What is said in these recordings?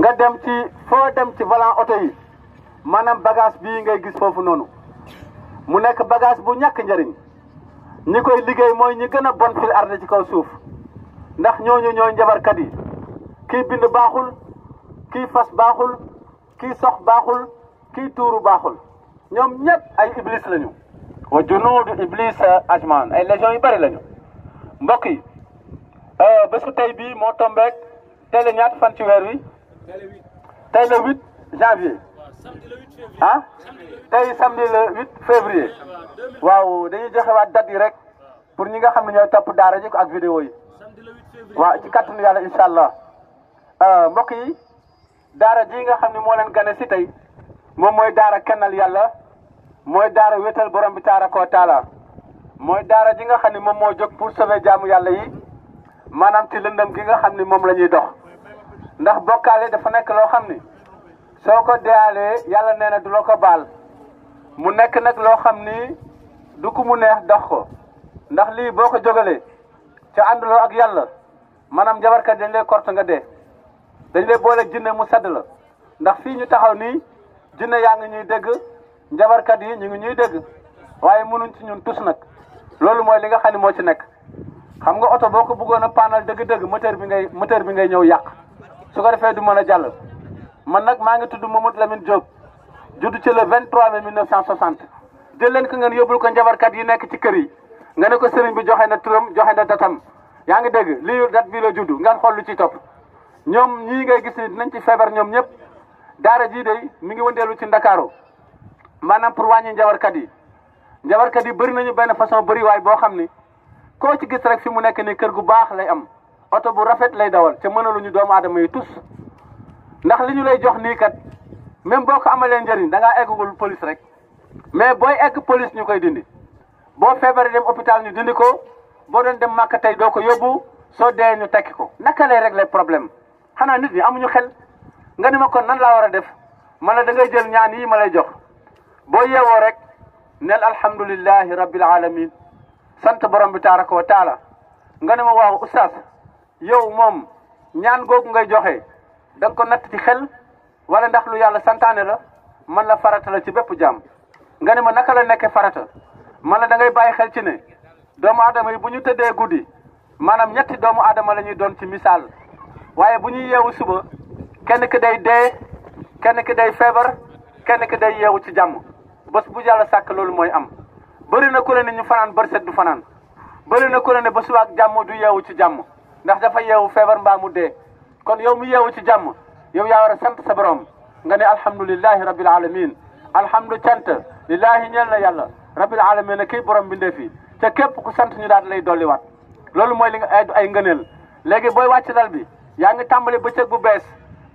nga dem ci fo dem ci volant auto yi manam bagage bi ngay gis fofu nonu mu nek bagage bu ñak njëriñ ni koy liggey moy ñi gëna bon fil arde ci kaw suuf ndax ñooñu ñooy njabarkat yi ki bind baaxul ki fas baaxul ki sox baaxul ki tuuru baaxul ñom ñëpp ay iblis lañu wa junud iblis ajman ay legion yu bari lañu mbokk yi euh tey tay bi mo teel tele ñaat fan ci wër wi tey le 8 janvier ah tey samedi le 8 février waaw dañuy joxewaat date yi rek pour ñi nga xam ne ñoo topp daara ji ak vidéo yi waaw ci kàttanu yàlla incha allah euh, mbokk yi daara ji nga xam ne moo leen gane si tey moom mooy daara kennal yàlla mooy daara wéetal borom bi taara koo taala mooy daara ji nga xam ne moom moo jóg pour sauver jaamu yàlla yi maanaam ci lëndëm gi nga xam ne moom la ñuy dox. ndax bokkaale dafa nekk loo xam ni soo ko deyaalee yàlla nee na du la ko baal mu nekk nag loo xam ni du ko mu neex dox ko ndax lii boo ko jógalee ca ànd ànduloo ak yàlla maanaam jabarkat dañ lay korte nga dee dañ lay boole jinne mu sedd la ndax fii ñu taxaw nii jinne yaa ngi ñuy dégg njabarkat yi ñu ngi ñuy dégg waaye mënuñ ci ñun tus nag loolu mooy li nga xam ne moo ci nekk xam nga oto boo ko buggoon a paanal dëgg-dëgg moteur bi ngay moteur bi ngay ñëw yàq su ko defé du mëna jall man nak ma nga tuddu Mamadou Lamine Diop juddu ci le 23 mai 1960 de len ko ngeen yobul ko kat yi nek ci kër yi nga ne ko bi joxe na turam joxe na datam Yang ngi liur dat bi la ngan nga xollu Nyom ci top ñom ñi ngay gis ni nañ ci feebar ñom ñep dara ji day mi ngi wëndelu ci dakaro manam pour njabar kat yi kat yi bari nañu ben façon bari way bo xamni ko ci gis rek fi mu nek ni kër gu baax lay am oto bu rafet lay dawal mënalu ñu doomu aadama yi tus ndax li ñu lay jox nii kat même boo ko amalee njëriñ da ngaa eggagul police rek mais booy egg police ñu koy dindi boo feebaree dem hôpital ñu dindi ko boo doon dem màkk tey doo ko yóbbu soo dee ñu tekki ko naka lay régler problème xanaa nit ñi amuñu xel nga ni ko nan laa war a def man ne da ngay jël ñaan yii ma lay jox boo yeewoo rek neel alhamdulillahi rabbil alamin sant borom bi taaraka wa taala nga ne waaw oustaz yow moom ñaan googu ngay joxe da nga ko natt ci xel wala ndax lu yàlla santaane la man la farata la ci bépp jàmm nga ne ma naka la nekkee farata man la dangay bàyyi xel ci ne doomu aadama yi bu ñu tëddee guddi maanaam ñetti doomu aadama la ñuy doon ci misaal waaye bu ñuy yeewu suba kenn ki day dee kenn ki day feebar kenn ki day yeewu ci jàmm bés bu yàlla sàkk loolu mooy am bëri na ku ne ni ñu fanaan bërset du fanaan bëri na ku ne ne ba suba ak du yeewu ci jàmm ndax dafa yeewu feebar mbaa mu dee kon yow mu yeewu ci jàmm yow yaa war a sant sa borom nga ne alhamdulilahi rabil alamin alhamdu cant lillahi ñeel na yàlla rabil alamin a kii borom bi fi te képp ku sant ñu daal lay dolliwaat loolu mooy li nga ay ngëneel léegi booy wàcc dal bi yaa ngi tàmbali bëccëg bu bees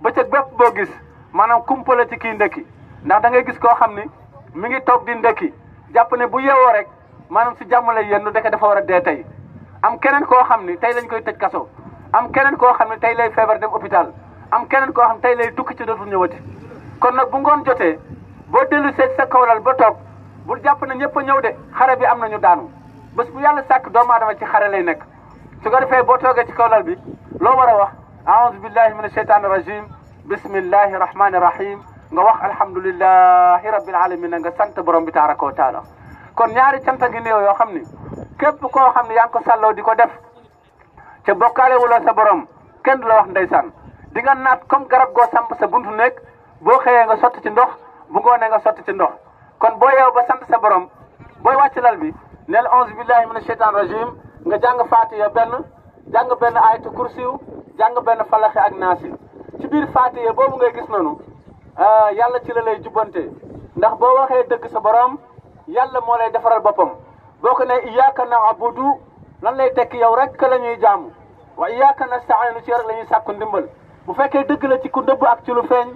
bëccëg bépp boo gis maanaam kumpale ci kii ndekki ndax dangay gis koo xam ni mi ngi toog di ndekki jàpp ne bu yeewoo rek maanaam si jàmm lay yendu deke dafa war a dee tey am keneen koo xam ni tey lañ koy tëj kaso am keneen koo xam ne tey lay feebar dem hôpital am keneen koo xam tey lay tukki ci dootul ñëwati kon nag bu ngoon jotee boo dellu seet sa kawlal ba toog bul jàpp ne ñëpp ñëw de xare bi am ñu daanu bés bu yàlla sàkk doomu aadama ci xare lay nekk su ko defee boo toogee ci kawlal bi loo war a wax aoudu billahi min asheytaani rajim bismillahi rahmani rahim nga wax alhamdulillahi rabbil alamin nga sant borom bi tabaraka wa taala kon ñaari canta ngi néew yoo xam ni képp koo xam ne yaa ko sàlloo di ko def ca bokkaale wula sa borom kenn du la wax ndeysaan di nga naat comme garab goo samp sa buntu nekk boo xëyee nga sotti ci ndox bu ngoonee nga sotti ci ndox kon boo yeew ba sant sa borom booy wàcc lal bi neel onze billahi mina sheytaan rajim nga jàng faatiya benn jàng benn ayatu kursiw jàng benn falaxe ak naasi ci biir faatiya boobu ngay gis noonu ah, yàlla ci la lay jubbante ndax boo waxee dëgg sa borom yàlla moo lay defaral boppam boo ko ne iyyaka na'budu lan lay tekki yow rek la ñuy jaamu wa na nasta'inu ci yow rek la ñuy sàkku ndimbal bu fekkee dëgg la ci ku ndëbb ak ci lu feeñ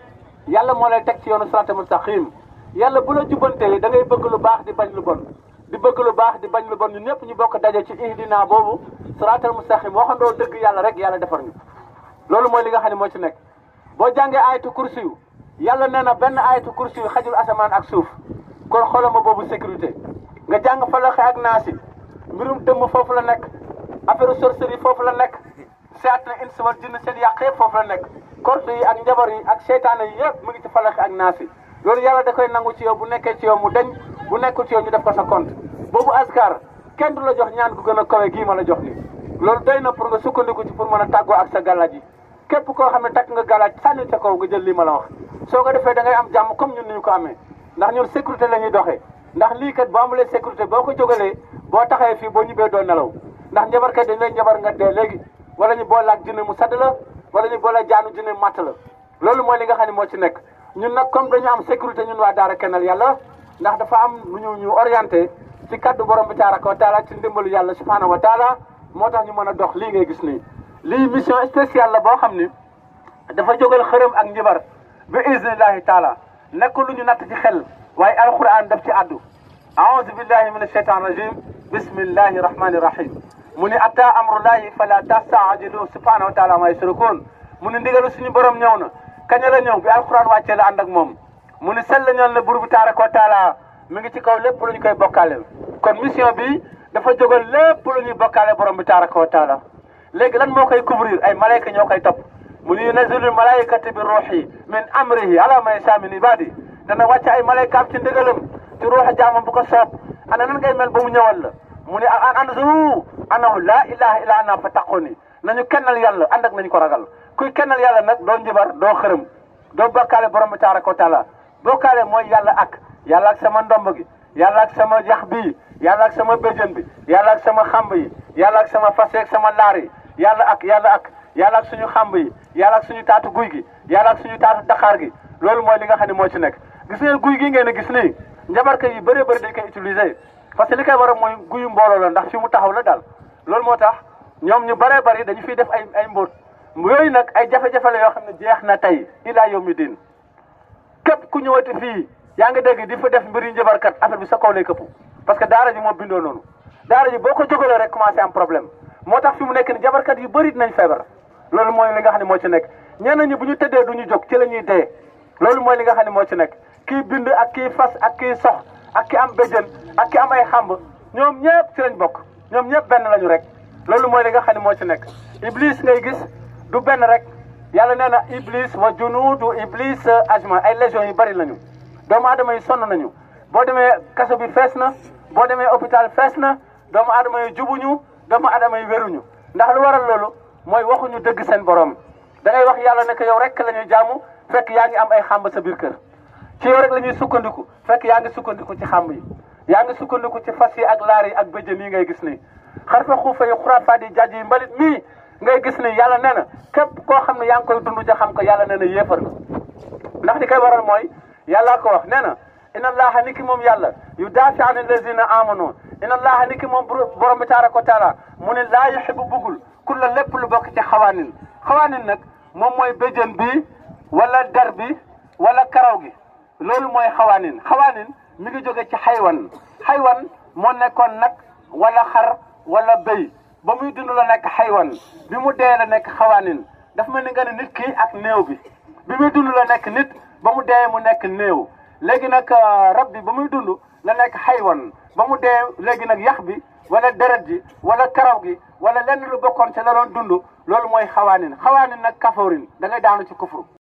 yàlla moo lay teg ci yoonu siraatal mustaqim yàlla bu la jubbantee da ngay bëgg lu baax di bañ lu bon di bëgg lu baax di bañ lu bon ñu ñëpp ñu bokk daje ci ihdina boobu siraatal mustaqim waxandoo dëgg yàlla rek yàlla defar ñu loolu mooy li nga xam ne moo ci nekk boo jàngee ayatu kursi yu yàlla nee na benn ayatu kursi yu asamaan ak suuf kon xoolal ma boobu sécurité nga jàng falaxe ak naasi mbirum dëmm foofu la nekk affaire sorcellerie foofu la nekk seet na insi wal jinne seen yàq yëpp foofu la nekk korte yi ak njabar yi ak seytaane yi yëpp mu ngi ci falaxe ak naasi loolu yàlla da koy nangu ci yow bu nekkee ci yow mu deñ bu nekku ci yow ñu def ko sa compte boobu askar kenn du la jox ñaan bu gën a kawe gii ma la jox nii loolu doy na pour nga sukkandiku ci pour mën a tàggoo ak sa galaaj yi képp koo xam ne takk nga galaaj sànni sa kaw jël lii ma soo ko defee da am jàmm comme ñun ni ko amee ndax ñun sécurité la ñuy doxee ndax lii kat boo amulee sécurité boo ko jógalee boo taxawee fii boo ñibbee doo nelaw ndax njabarkat dañ lay njabar nga dee léegi wala ñu boole ak jinne mu sadd la wala ñu boole jaanu jinne matt la loolu mooy li nga xam ne moo ci nekk ñun nag comme dañu am sécurité ñun waa daara Kennel yàlla ndax dafa am lu ñu ñu orienté ci kaddu borom bi tabaraka wa taala ci ndimbalu yàlla subhanahu wa taala moo tax ñu mën a dox lii ngay gis nii lii mission spéciale la boo xam ni dafa jógal xërëm ak njibar bi isnillahi taala nekk lu ñu natt ci xel واي القران دبتي ادو اعوذ بالله من الشيطان الرجيم بسم الله الرحمن الرحيم من اتى امر الله فلا تستعجلوا سبحانه وتعالى ما يسركون من ديغلو سيني بروم نيونا كان لا نيو بي القران واتي لا اندك موم من سل لا نيون لا بور بي تارك وتعالى ميغي تي كو لب لوني كاي بوكال كون ميسيون بي دا فا جوغل لب لوني بوكال بروم بي تارك وتعالى ليك لان مو كاي كوفرير اي ملائكه نيو كاي توب من ينزل الملائكه بالروح من امره على ما يشاء عباده dana wàcc ay malaykaam ci ndëgalam ci ruuxa jaamam bu ko soob a nan ngay mel ba mu ñëwal la mu ne an ah, anzuru annahu laa ilaha illa ana fa taquni nañu kennal yàlla ànd ak nañu ko ragal kuy kennal yàlla nag doo njibar doo xërëm doo bokkaale borom bi tabaraka wa doo bokkaale mooy yàlla ak yàlla ak sama ndomb gi yàlla ak sama yax bii yàlla ak sama béjjën bi yàlla ak sama xàmb yi yàlla ak sama fas sama laar yi yàlla ak yàlla ak yàlla suñu xamb yi yàlla suñu taatu guy gi yàlla suñu taatu daxaar gi loolu mooy li nga xam ne moo ci nekk gis ngeen guy gi ngeen a gis nii njabarkat yi bëree bëri dañ koy utiliser parce que li kay war waral mooy guyu mbooloo la ndax fi mu taxaw la daal loolu moo tax ñoom ñu bëree bëri dañu fiy def ay ay mbóot yooyu nag ay jafe-jafe la yoo xam ne jeex na tey ilaa yawmi diin képp ku ñëwati fii yaa ngi dégg di fa def mbiri kat affaire bi sa kaw lay këpp parce que daara ji moo bindoo noonu daara ji boo ko jógalee rek commencé am problème moo tax fi mu nekk ni jabarkat yu bëri dinañ feebar loolu mooy li nga xam ne moo ci nekk ñenn ñi bu ñu tëddee du ñu jóg la ñuy dee loolu mooy li nga xam ne moo ci nekk kii bind ak kii fas ak kii sox ak ki am béjjën ak ki am ay xamb ñoom ñëpp ci lañ bokk ñoom ñëpp benn lañu rek loolu mooy li nga xam ne moo ci nekk iblis ngay gis du benn rek yàlla nee na iblis wa junuudu iblis ajma ay légions yu bari lañu doomu aadama yi sonn nañu boo demee kaso bi fees na boo demee hôpital fees na doomu aadama yi jubuñu doomu adama yi wéruñu ndax lu waral loolu mooy waxuñu dëgg seen borom da ngay wax yàlla ne yow rek la ñuy jaamu fekk yaa ngi am ay xàmb sa biir kër yoo yow rek la ñuy sukkandiku fekk yaa ngi sukkandiku ci xam yi yaa ngi sukkandiku ci fas yi ak laar ak bëjën yi ngay gis ni nii xarfa xuufa yi xuraafaat yi jaaj yi mbalit mii ngay gis ni yàlla nee na képp koo xam ne yaa ngi koy dund ja xam ko yàlla nee na yéefar ndax li koy waral mooy yàllaa ko wax nee na inna allaha niki moom yàlla yu daafi an allazina amanu inna allaha niki moom borom bi taaraka ko taala mu ne laa yuxibu bugul kulla lépp lu bokk ci xawaanin xawaanin nag moom mooy béjjën bi wala der bi wala karaw gi loolu mooy xawaanin xawaanin mi ngi jóge ci xaywan xaywan moo nekkoon nag wala xar wala béy ba muy dund la nekk xaywan bi mu dee la nekk xawaanin dafa mel ni nga ne nit ki ak néew bi bi muy dund la nekk nit ba mu dee mu nekk néew léegi nag euh, rab bi ba muy dund la nekk xaywan ba mu dee léegi nag yax bi wala deret ji wala karaw gi wala lenn lu bokkoon ci la doon dund loolu mooy xawaanin xawaanin nag kafarin da ngay daanu ci kufru